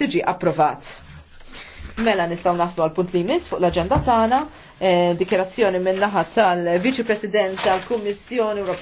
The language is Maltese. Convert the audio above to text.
tiġi approvat. Mela nistaw naslu għal punt li jmiss fuq l-agenda tagħna, eh, dikjerazzjoni minn naħa tal-Viċi President tal-Kummissjoni Europea.